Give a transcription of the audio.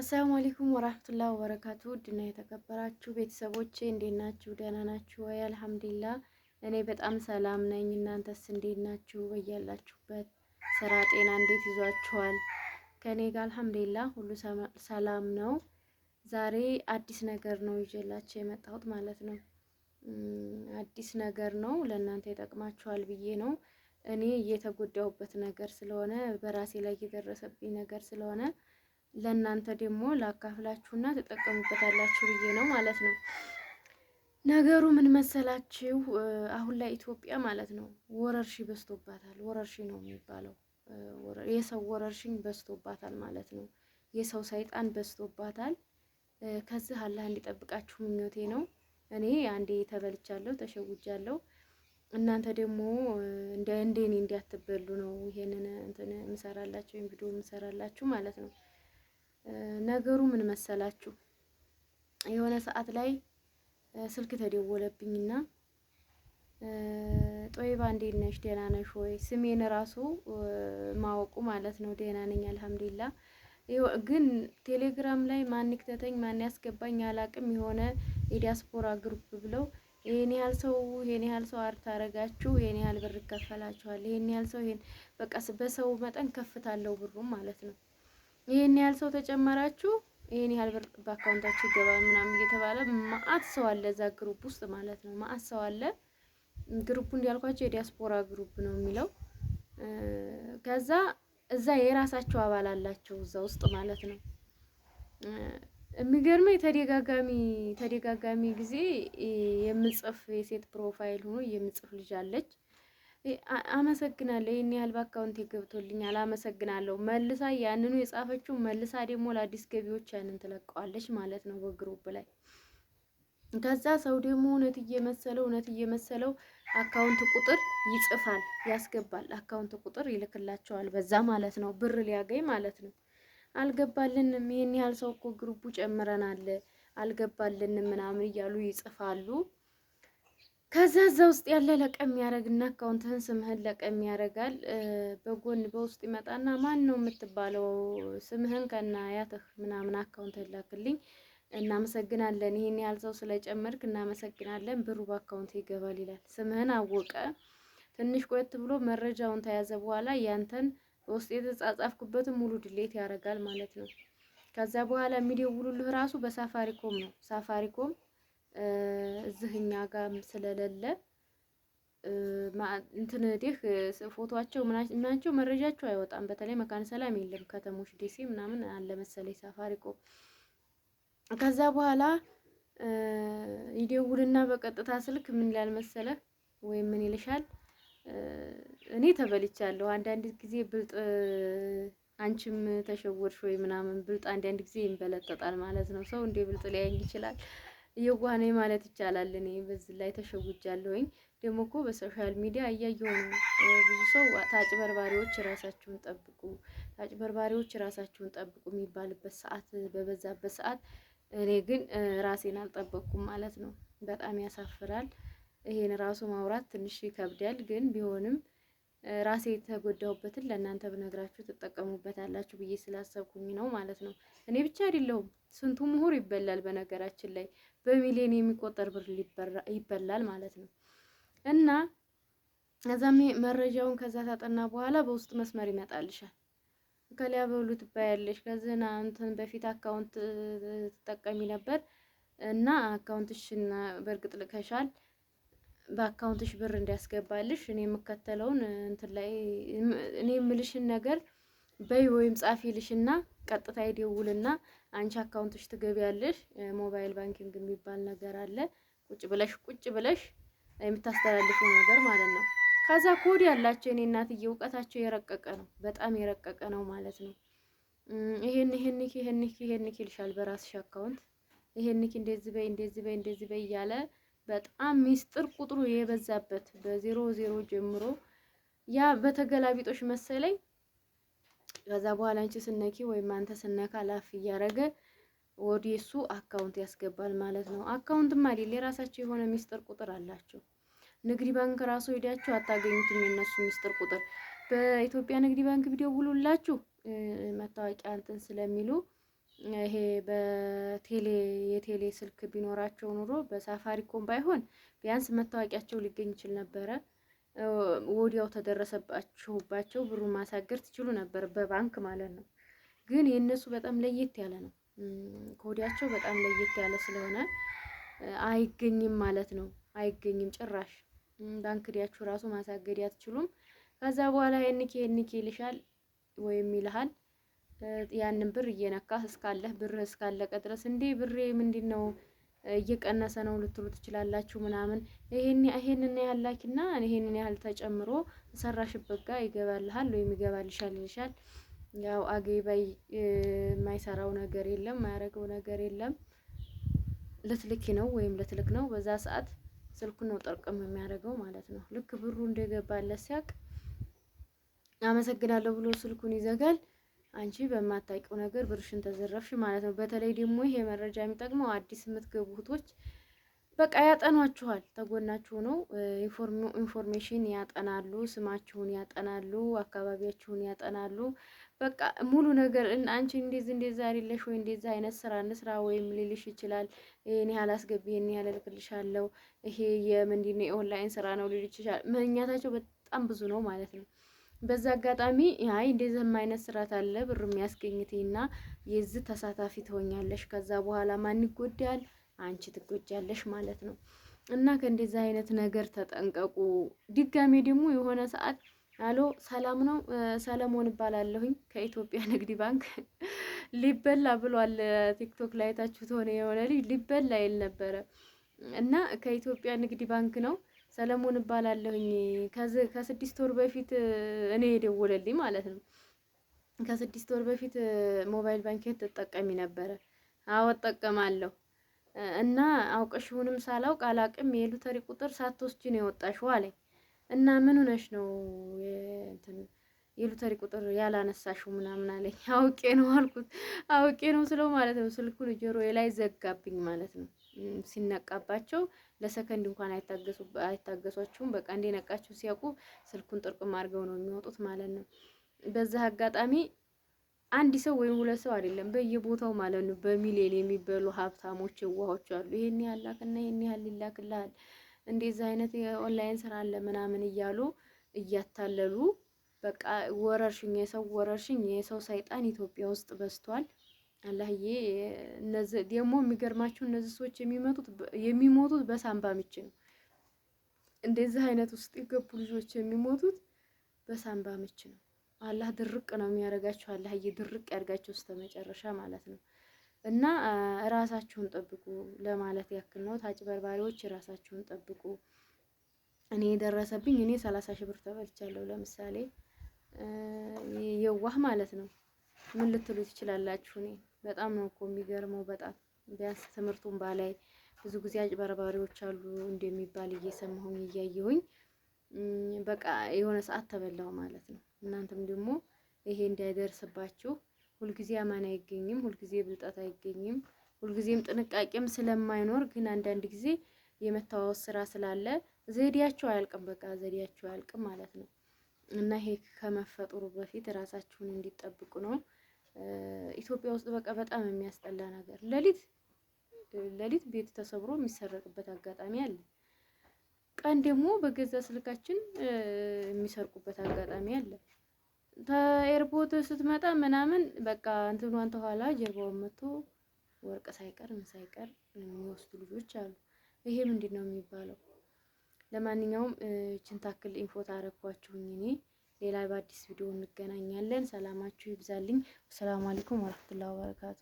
አሰላሙ አለይኩም ወራህመቱላሂ ወበረካቱ ድና የተከበራችሁ ቤተሰቦቼ እንዴት ናችሁ? ደህና ናችሁ ወይ? አልሐምዱሊላህ እኔ በጣም ሰላም ነኝ። እናንተስ እንዴት ናችሁ? በያላችሁበት ስራ፣ ጤና እንዴት ይዟችኋል? ከእኔ ጋር አልሐምዱሊላህ ሁሉ ሰላም ነው። ዛሬ አዲስ ነገር ነው ይዤላችሁ የመጣሁት ማለት ነው። አዲስ ነገር ነው ለእናንተ ይጠቅማችኋል ብዬ ነው። እኔ እየተጎዳሁበት ነገር ስለሆነ በራሴ ላይ እየደረሰብኝ ነገር ስለሆነ ለእናንተ ደግሞ ላካፍላችሁና ትጠቀሙበታላችሁ ብዬ ነው ማለት ነው። ነገሩ ምን መሰላችሁ? አሁን ላይ ኢትዮጵያ ማለት ነው ወረርሺ በስቶባታል። ወረርሺ ነው የሚባለው። የሰው ወረርሽኝ በስቶባታል ማለት ነው። የሰው ሰይጣን በስቶባታል። ከዚህ አላህ እንዲጠብቃችሁ ምኞቴ ነው። እኔ አንዴ ተበልቻለሁ፣ ተሸውጃለሁ። እናንተ ደግሞ እንደ እኔ እንዲያትበሉ ነው ይሄንን እንትን የምሰራላችሁ ወይም ቪዲዮ የምሰራላችሁ ማለት ነው። ነገሩ ምን መሰላችሁ? የሆነ ሰዓት ላይ ስልክ ተደወለብኝና ጦይባ እንዴት ነሽ? ደህና ነሽ ወይ? ስሜን ራሱ ማወቁ ማለት ነው። ደህና ነኝ አልሐምዱሊላ። ግን ቴሌግራም ላይ ማን ክተተኝ ማን ያስገባኝ አላቅም። የሆነ የዲያስፖራ ግሩፕ ብለው ይሄን ያህል ሰው ይሄን ያህል ሰው አርት አረጋችሁ፣ ይሄን ያህል ብር ይከፈላችኋል፣ ይሄን ያህል ሰው ይሄን በቃ በሰው መጠን ከፍታለው ብሩም ማለት ነው። ይህን ያህል ሰው ተጨመራችሁ፣ ይህን ያህል ብር በአካውንታችሁ ይገባል ምናምን እየተባለ ማአት ሰው አለ እዛ ግሩፕ ውስጥ ማለት ነው። ማአት ሰው አለ። ግሩፑ እንዲያልኳቸው የዲያስፖራ ግሩፕ ነው የሚለው። ከዛ እዛ የራሳቸው አባል አላቸው እዛ ውስጥ ማለት ነው። የሚገርመው የተደጋጋሚ ተደጋጋሚ ጊዜ የምጽፍ የሴት ፕሮፋይል ሆኖ የምጽፍ ልጅ አለች። አመሰግናለሁ ይህን ያህል በአካውንቴ ገብቶልኛል፣ አመሰግናለሁ። መልሳ ያንኑ የጻፈችው መልሳ ደግሞ ለአዲስ ገቢዎች ያንን ትለቀዋለች ማለት ነው በግሩፕ ላይ። ከዛ ሰው ደግሞ እውነት እየመሰለው እውነት እየመሰለው አካውንት ቁጥር ይጽፋል፣ ያስገባል። አካውንት ቁጥር ይልክላቸዋል በዛ ማለት ነው፣ ብር ሊያገኝ ማለት ነው። አልገባልንም ይህን ያህል ሰው እኮ ግሩቡ ጨምረናል፣ አልገባልንም ምናምን እያሉ ይጽፋሉ። ከዛ እዛ ውስጥ ያለ ለቀም ያደረግና አካውንትህን ስምህን ለቀም ያደረጋል በጎን በውስጥ ይመጣና ማን ነው የምትባለው? ስምህን ከና ያትህ ምናምን አካውንትህን ላክልኝ፣ እናመሰግናለን፣ ይህን ያህል ሰው ስለጨመርክ እናመሰግናለን፣ ብሩ በአካውንት ይገባል ይላል። ስምህን አወቀ። ትንሽ ቆየት ብሎ መረጃውን ተያዘ። በኋላ ያንተን በውስጥ የተጻጻፍኩበትን ሙሉ ድሌት ያደርጋል ማለት ነው። ከዛ በኋላ የሚደውሉልህ ራሱ በሳፋሪኮም ነው ሳፋሪኮም እዚህ እኛ ጋም ስለሌለ እንትን ዲህ ፎቶቸው ምናቸው መረጃቸው አይወጣም። በተለይ መካነ ሰላም የለም ከተሞች ዲሲ ምናምን አለ መሰለኝ ሳፋሪኮም። ከዛ በኋላ ይደውልና በቀጥታ ስልክ ምን ይላል መሰለ ወይም ምን ይልሻል፣ እኔ ተበልቻለሁ። አንዳንድ ጊዜ ብልጥ አንቺም ተሸወድሽ ወይ ምናምን ብልጥ አንዳንድ ጊዜ ይንበለጠጣል ማለት ነው። ሰው እንዴ ብልጥ ሊያኝ ይችላል። እየዋህኔ ማለት ይቻላል። እኔ በዚህ ላይ ተሸውጃለሁኝ። ደግሞ እኮ በሶሻል ሚዲያ እያየሁ ብዙ ሰው ታጭበርባሪዎች ራሳችሁን ጠብቁ፣ ታጭበርባሪዎች ራሳችሁን ጠብቁ የሚባልበት ሰዓት በበዛበት ሰዓት እኔ ግን ራሴን አልጠበቅኩም ማለት ነው። በጣም ያሳፍራል። ይሄን ራሱ ማውራት ትንሽ ይከብዳል፣ ግን ቢሆንም ራሴ የተጎዳሁበትን ለእናንተ ብነግራችሁ ትጠቀሙበታላችሁ ብዬ ስላሰብኩኝ ነው ማለት ነው። እኔ ብቻ አይደለሁም፣ ስንቱ ምሁር ይበላል። በነገራችን ላይ በሚሊዮን የሚቆጠር ብር ይበላል ማለት ነው እና ከዛም መረጃውን ከዛ ታጠና በኋላ በውስጥ መስመር ይመጣልሻል። ከሊያ በሉ ትባያለሽ። ከዚህና እንትን በፊት አካውንት ትጠቀሚ ነበር እና አካውንትሽን በእርግጥ ልከሻል በአካውንትሽ ብር እንዲያስገባልሽ እኔ የምከተለውን እንትን ላይ እኔ የምልሽን ነገር በይ ወይም ጻፊ ልሽና ቀጥታ ይደውልና አንቺ አካውንትሽ ትገቢያለሽ። ሞባይል ባንኪንግ የሚባል ነገር አለ። ቁጭ ብለሽ ቁጭ ብለሽ የምታስተላልፈው ነገር ማለት ነው። ከዛ ኮድ ያላቸው እኔ እናትዬ እውቀታቸው የረቀቀ ነው፣ በጣም የረቀቀ ነው ማለት ነው። ይሄን ይሄን ይሄን ይሄን ይልሻል በራስሽ አካውንት ይሄን እንደዚህ በይ እንደዚህ በይ እንደዚህ በይ እያለ በጣም ሚስጥር ቁጥሩ የበዛበት በዜሮ ዜሮ ጀምሮ ያ በተገላቢጦሽ መሰለኝ። ከዛ በኋላ አንቺ ስነኪ ወይም አንተ ስነካ ላፍ እያደረገ ወደ እሱ አካውንት ያስገባል ማለት ነው። አካውንትም አይደል የራሳቸው የሆነ ሚስጥር ቁጥር አላቸው። ንግድ ባንክ ራሱ ሄዳችሁ አታገኙትም የነሱ ሚስጥር ቁጥር። በኢትዮጵያ ንግድ ባንክ ቢደውሉላችሁ መታወቂያ እንትን ስለሚሉ ይሄ በቴሌ የቴሌ ስልክ ቢኖራቸው ኑሮ በሳፋሪኮም ባይሆን ቢያንስ መታወቂያቸው ሊገኝ ይችል ነበረ። ወዲያው ተደረሰባችሁባቸው ብሩ ማሳገር ትችሉ ነበር፣ በባንክ ማለት ነው። ግን የእነሱ በጣም ለየት ያለ ነው። ኮዲያቸው በጣም ለየት ያለ ስለሆነ አይገኝም ማለት ነው። አይገኝም ጭራሽ ባንክ ዲያችሁ ራሱ ማሳገድ አትችሉም። ከዛ በኋላ የንኬ የንኬ ይልሻል ወይም ይልሃል ያንን ብር እየነካህ እስካለህ ብር እስካለቀ ድረስ እንዴ ብሬ ምንድን ነው እየቀነሰ ነው ልትሉ ትችላላችሁ። ምናምን ይሄንን ያህል ይሄን ይሄንን ያህል ተጨምሮ ሰራሽበት ጋር ይገባልሃል ወይም ይገባልሻል ይልሻል። ያው አገይባይ የማይሰራው ነገር የለም፣ የማያደርገው ነገር የለም። ልትልኪ ነው ወይም ልትልክ ነው። በዛ ሰዓት ስልኩን ነው ጠርቅም የሚያደርገው ማለት ነው። ልክ ብሩ እንደገባለ ሲያቅ አመሰግናለሁ ብሎ ስልኩን ይዘጋል። አንቺ በማታውቂው ነገር ብርሽን ተዘረፍሽ ማለት ነው። በተለይ ደግሞ ይሄ መረጃ የሚጠቅመው አዲስ የምትገቡ እህቶች በቃ ያጠኗችኋል። ተጎናችሁ ነው ኢንፎርሜሽን ያጠናሉ፣ ስማችሁን ያጠናሉ፣ አካባቢያችሁን ያጠናሉ። በቃ ሙሉ ነገር አንቺ እንዴዝ እንዴዛ አይደለሽ ወይ እንደዛ አይነት ስራ ንስራ ወይም ሊልሽ ይችላል። ይህን ያህል አስገቢ፣ ይህን ያህል እልክልሻለሁ፣ ይሄ የምንድን ነው የኦንላይን ስራ ነው ሊልሽ ይችላል። መኛታቸው በጣም ብዙ ነው ማለት ነው። በዛ አጋጣሚ አይ እንደዚህም አይነት ስርዓት አለ ብር የሚያስገኝትና የዚህ ተሳታፊ ትሆኛለሽ። ከዛ በኋላ ማን ይጎዳል? አንቺ ትጎጃለሽ ማለት ነው። እና ከእንደዚህ አይነት ነገር ተጠንቀቁ። ድጋሜ ደግሞ የሆነ ሰዓት አሎ ሰላም ነው ሰለሞን እባላለሁኝ ከኢትዮጵያ ንግድ ባንክ ሊበላ ብሏል። ቲክቶክ ላይ አይታችሁት ሆነ የሆነ ልጅ ሊበላ ይል ነበረ እና ከኢትዮጵያ ንግድ ባንክ ነው ሰለሞን እባላለሁኝ። ከስድስት ወር በፊት እኔ የደወለልኝ ማለት ነው። ከስድስት ወር በፊት ሞባይል ባንኪንግ ትጠቀሚ ነበረ? አዎ እጠቀማለሁ። እና አውቀሽውንም ሳላውቅ አላቅም የሎተሪ ቁጥር ሳትወስጂ ነው የወጣሽው አለኝ። እና ምን ሆነሽ ነው የሎተሪ ቁጥር ያላነሳሽው ምናምን አለኝ። አውቄ ነው አልኩት። አውቄ ነው ስለው ማለት ነው ስልኩን ጆሮዬ ላይ ዘጋብኝ ማለት ነው። ሲነቃባቸው ለሰከንድ እንኳን አይታገሷቸውም በቃ እንደነቃችሁ ሲያውቁ ስልኩን ጥርቅም አድርገው ነው የሚወጡት ማለት ነው። በዚህ አጋጣሚ አንድ ሰው ወይም ሁለት ሰው አይደለም በየቦታው ማለት ነው በሚሊዮን የሚበሉ ሀብታሞች የዋሆች አሉ። ይሄን ያላክና ይሄን ያህል ይላክልሃል፣ እንደዚህ አይነት የኦንላይን ስራ አለ ምናምን እያሉ እያታለሉ በቃ ወረርሽኝ የሰው ወረርሽኝ የሰው ሰይጣን ኢትዮጵያ ውስጥ በዝቷል። አላህዬ እነዚህ ደግሞ የሚገርማቸው እነዚህ ሰዎች የሚመጡት የሚሞቱት በሳምባ ምች ነው። እንደዚህ አይነት ውስጥ የገቡ ልጆች የሚሞቱት በሳምባ ምች ነው። አላህ ድርቅ ነው የሚያደርጋቸው። አላህዬ ድርቅ ያድርጋቸው እስከ መጨረሻ ማለት ነው። እና ራሳችሁን ጠብቁ ለማለት ያክል ነው። በርባሪዎች ራሳችሁን ጠብቁ። እኔ የደረሰብኝ እኔ ሰላሳ ሺህ ብር ተበልቻለሁ። ለምሳሌ የዋህ ማለት ነው። ምን ልትሉ ትችላላችሁ? እኔ በጣም ነው እኮ የሚገርመው። በጣም ቢያንስ ትምህርቱን ባላይ ብዙ ጊዜ አጭበርባሪዎች አሉ እንደሚባል እየሰማሁኝ እያየሁኝ በቃ የሆነ ሰዓት ተበላው ማለት ነው። እናንተም ደግሞ ይሄ እንዳይደርስባችሁ ሁልጊዜ አማን አይገኝም፣ ሁልጊዜ ብልጠት አይገኝም፣ ሁልጊዜም ጥንቃቄም ስለማይኖር ግን አንዳንድ ጊዜ የመተዋወስ ስራ ስላለ ዘዴያችሁ አያልቅም፣ በቃ ዘዴያችሁ አያልቅም ማለት ነው እና ይሄ ከመፈጠሩ በፊት ራሳችሁን እንዲጠብቁ ነው። ኢትዮጵያ ውስጥ በቃ በጣም የሚያስጠላ ነገር ሌሊት ሌሊት ቤት ተሰብሮ የሚሰረቅበት አጋጣሚ አለ። ቀን ደግሞ በገዛ ስልካችን የሚሰርቁበት አጋጣሚ አለ። ከኤርፖርት ስትመጣ ምናምን በቃ እንትኗን ተኋላ ጀርባውን መጥቶ ወርቅ ሳይቀር ምን ሳይቀር የሚወስዱ ልጆች አሉ። ይሄ ምንድን ነው የሚባለው? ለማንኛውም ችንታክል ኢንፎ ታረኳችሁኝ እኔ ሌላ በአዲስ ቪዲዮ እንገናኛለን። ሰላማችሁ ይብዛልኝ። ሰላም አለይኩም ወረህመቱላሂ ወበረካቱ